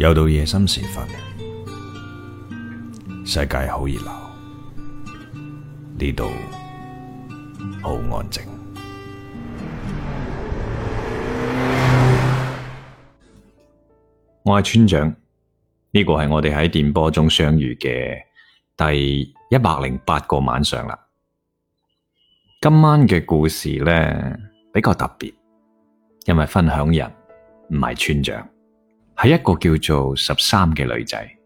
又到夜深時分，世界好熱鬧，呢度好安靜。我係村長，呢個係我哋喺電波中相遇嘅第一百零八個晚上啦。今晚嘅故事呢比較特別，因為分享人唔係村長。係一個叫做十三嘅女仔，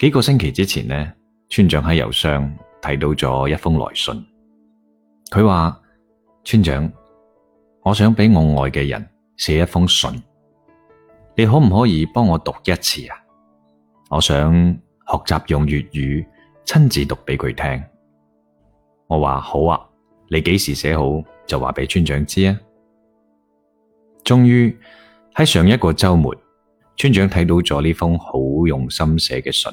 幾個星期之前呢，村長喺郵箱睇到咗一封來信。佢話：村長，我想俾我愛嘅人寫一封信，你可唔可以幫我讀一次啊？我想學習用粵語親自讀俾佢聽。我話好啊，你幾時寫好就話俾村長知啊。終於。喺上一個周末，村長睇到咗呢封好用心寫嘅信，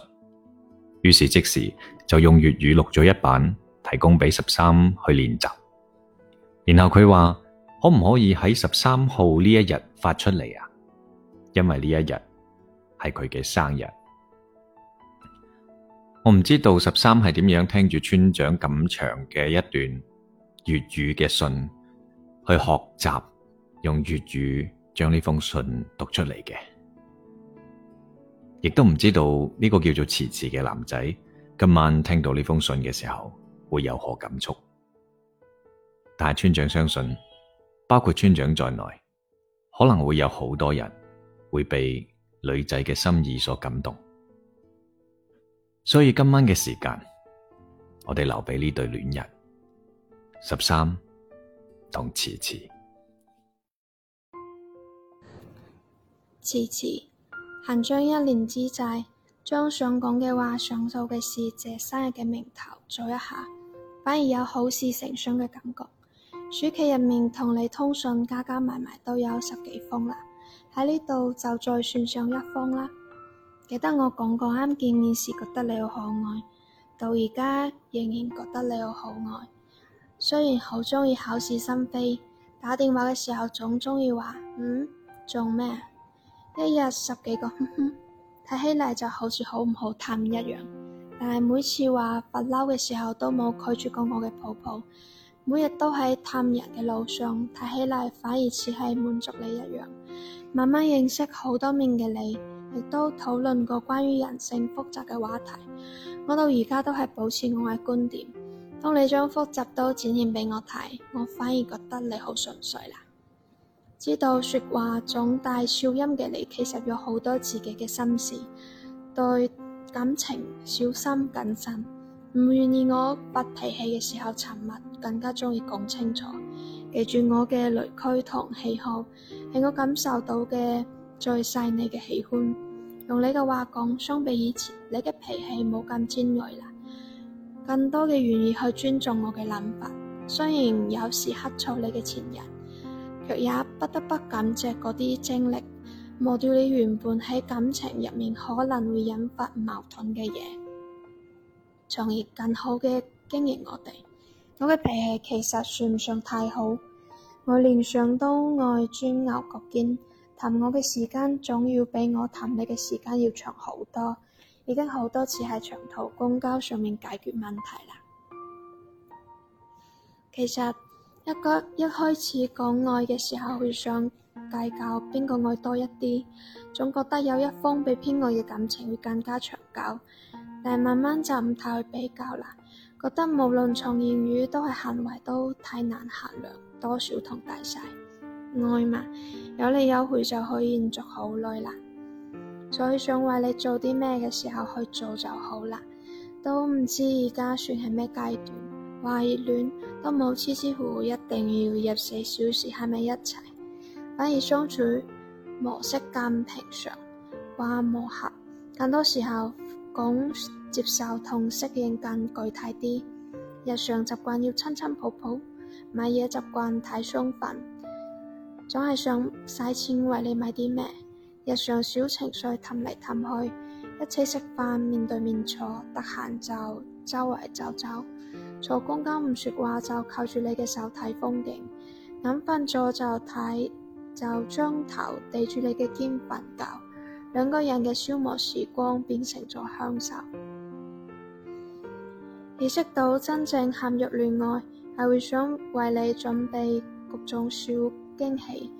於是即時就用粵語錄咗一版，提供俾十三去練習。然後佢話，可唔可以喺十三號呢一日發出嚟啊？因為呢一日係佢嘅生日。我唔知道十三係點樣聽住村長咁長嘅一段粵語嘅信去學習用粵語。將呢封信讀出嚟嘅，亦都唔知道呢個叫做遲遲嘅男仔今晚聽到呢封信嘅時候會有何感觸。但係村長相信，包括村長在內，可能會有好多人會被女仔嘅心意所感動。所以今晚嘅時間，我哋留俾呢對戀人十三同遲遲。池池，行將一年之際，將想講嘅話、想做嘅事，借生日嘅名頭做一下，反而有好事成雙嘅感覺。暑期入面同你通訊加加埋埋都有十幾封啦，喺呢度就再算上一封啦。記得我講過，啱見面時覺得你好可愛，到而家仍然覺得你好可愛。雖然好鍾意口是心非，打電話嘅時候總鍾意話嗯，做咩？一日十幾個哼哼，睇起嚟就好似好唔好氹一樣。但係每次話發嬲嘅時候，都冇拒絕過我嘅抱抱。每日都喺氹人嘅路上，睇起嚟反而似係滿足你一樣。慢慢認識好多面嘅你，亦都討論過關於人性複雜嘅話題。我到而家都係保持我嘅觀點。當你將複雜都展現俾我睇，我反而覺得你好純粹啦。知道說話總帶笑音嘅你，其實有好多自己嘅心事，對感情小心謹慎，唔願意我發脾氣嘅時候沉默，更加中意講清楚。記住我嘅雷區同喜好，係我感受到嘅最細膩嘅喜歡。用你嘅話講，相比以前，你嘅脾氣冇咁尖銳啦，更多嘅願意去尊重我嘅諗法。雖然有時呷醋，你嘅前任。卻也不得不感謝嗰啲經歷，磨掉你原本喺感情入面可能會引發矛盾嘅嘢，從而更好嘅經營我哋。我嘅脾氣其實算唔上太好，我聯想都愛鑽牛角尖。氹我嘅時間總要比我氹你嘅時間要長好多，已經好多次喺長途公交上面解決問題啦。其實。一開一開始講愛嘅時候，會想計較邊個愛多一啲，總覺得有一方被偏愛嘅感情會更加長久。但慢慢就唔太去比較啦，覺得無論從言語都係行為都太難衡量多少同大細。愛嘛，有來有去就可以延續好耐啦。所以想為你做啲咩嘅時候去做就好啦，都唔知而家算係咩階段。話熱戀都冇，癡癡糊糊一定要廿四小時喺埋一齊，反而相處模式更平常。話磨合，更多時候講接受同適應更具體啲。日常習慣要親親抱抱，買嘢習慣睇雙份，總係想使錢為你買啲咩。日常小情緒氹嚟氹去，一齊食飯面對面坐，得閒就周圍走走。坐公交唔說話，就靠住你嘅手睇風景；眼瞓咗就睇，就將頭抵住你嘅肩瞓覺。兩個人嘅消磨時光變成咗享受。意識到真正陷入戀愛，係會想為你準備各種小驚喜。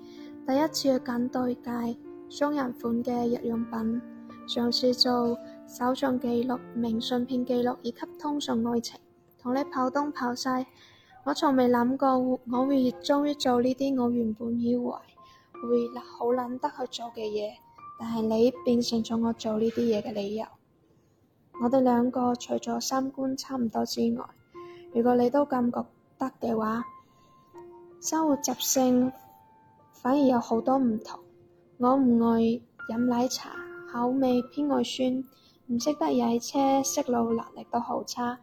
第一次去揀對戒，雙人款嘅日用品，嘗試做手賬記錄、明信片記錄以及通訊愛情。同你跑東跑西，我從未諗過我會熱衷於做呢啲我原本以為會好難得去做嘅嘢。但係你變成咗我做呢啲嘢嘅理由。我哋兩個除咗三觀差唔多之外，如果你都咁覺得嘅話，生活習性反而有好多唔同。我唔愛飲奶茶，口味偏愛酸，唔識得踩車，識路能力都好差。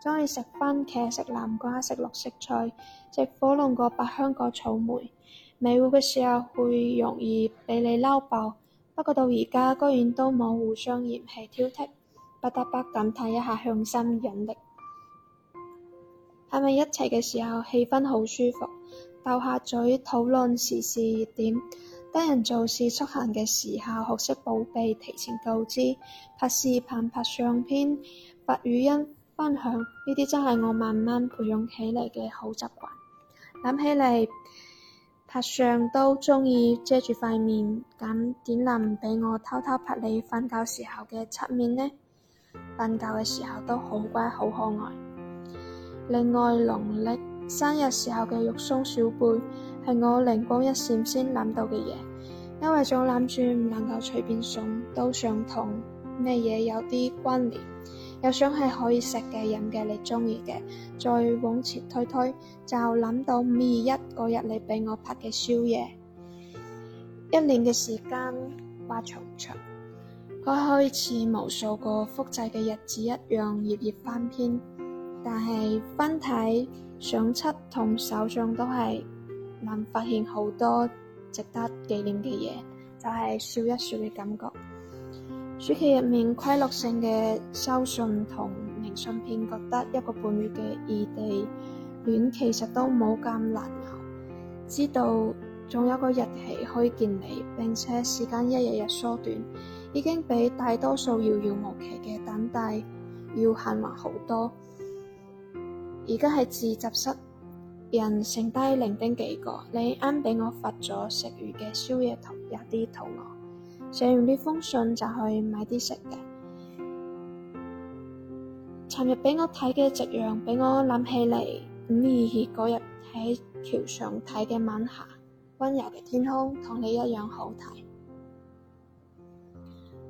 鍾意食蕃茄、食南瓜、食綠色菜、食火龍果、百香果、草莓。尾會嘅時候會容易畀你嬲爆，不過到而家居然都冇互相嫌棄挑剔，不得不感嘆一下向心引力。係咪？ 一齊嘅時候氣氛好舒服，鬥下嘴討論時事熱點，得人做事出行嘅時候學識報備，提前告知拍視頻、拍相片、發語音。分享呢啲真係我慢慢培養起嚟嘅好習慣。諗起嚟，拍相都中意遮住塊面，咁點能唔俾我偷偷拍你瞓覺時候嘅側面呢？瞓覺嘅時候都好乖，好可愛。另外，農曆生日時候嘅肉鬆小貝係我靈光一閃先諗到嘅嘢，因為總想諗住唔能夠隨便送，都想同咩嘢有啲關聯。又想係可以食嘅、飲嘅、你鍾意嘅，再往前推推，就諗到五二一嗰日你畀我拍嘅宵夜。一年嘅時間，話長唔長？佢可以似無數個複製嘅日子一樣，頁頁翻篇，但係翻睇相冊同手相都係能發現好多值得紀念嘅嘢，就係、是、笑一笑嘅感覺。暑期入面規律性嘅收信同明信片，覺得一個半月嘅異地戀其實都冇咁難熬。知道仲有個日期可以見你，並且時間一日日縮短，已經比大多數遙遙無期嘅等待要幸運好多。而家係自習室，人剩低零丁幾個。你啱俾我發咗食魚嘅宵夜圖，有啲肚餓。寫完呢封信就去買啲食嘅。尋日畀我睇嘅夕陽，畀我諗起嚟五二二嗰日喺橋上睇嘅晚霞，溫柔嘅天空同你一樣好睇。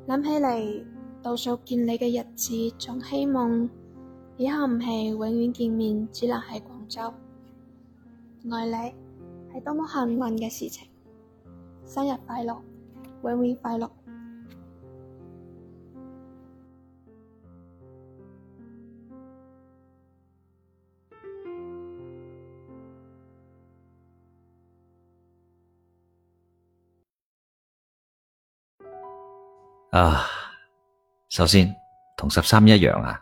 諗起嚟倒數見你嘅日子，仲希望以後唔係永遠見面，只能喺廣州。愛你係多麼幸運嘅事情，生日快樂！喂，喂，快樂啊，首先同十三一樣啊，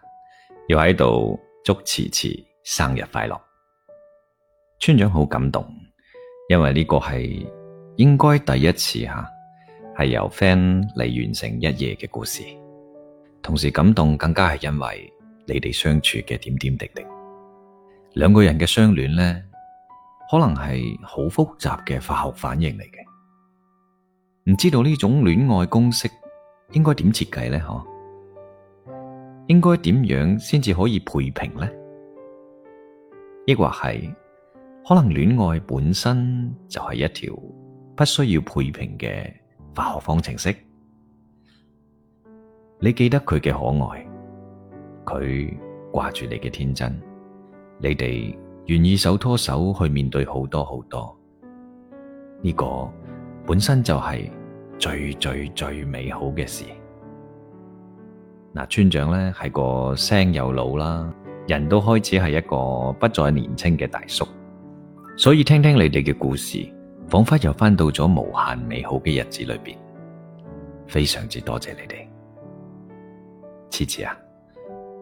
要喺度祝池池生日快樂。村長好感動，因為呢個係應該第一次吓。啊係由 friend 嚟，完成一夜嘅故事，同時感動更加係因為你哋相處嘅點點滴滴。兩個人嘅相戀呢，可能係好複雜嘅化學反應嚟嘅。唔知道呢種戀愛公式應該點設計呢？嗬，應該點樣先至可以配平呢？抑或係可能戀愛本身就係一條不需要配平嘅？化學方程式，你記得佢嘅可愛，佢掛住你嘅天真，你哋願意手拖手去面對好多好多，呢個本身就係最最最美好嘅事。嗱，村長咧係個聲又老啦，人都開始係一個不再年輕嘅大叔，所以聽聽你哋嘅故事。仿佛又翻到咗無限美好嘅日子裏邊，非常之多謝你哋。池池啊，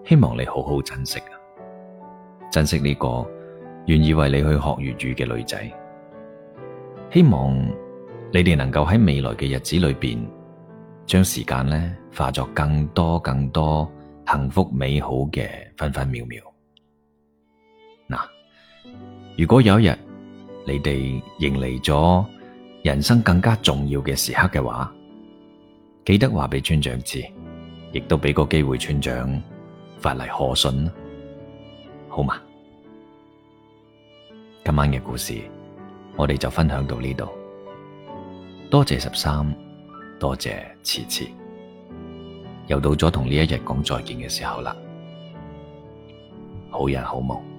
希望你好好珍惜啊，珍惜呢個願意為你去學粵語嘅女仔。希望你哋能夠喺未來嘅日子裏邊，將時間呢化作更多更多幸福美好嘅分分秒秒。嗱，如果有一日，你哋迎嚟咗人生更加重要嘅時刻嘅話，記得話俾村長知，亦都俾個機會村長發嚟賀信，好嘛？今晚嘅故事我哋就分享到呢度，多謝十三，多謝遲遲，又到咗同呢一日講再見嘅時候啦，好人好夢。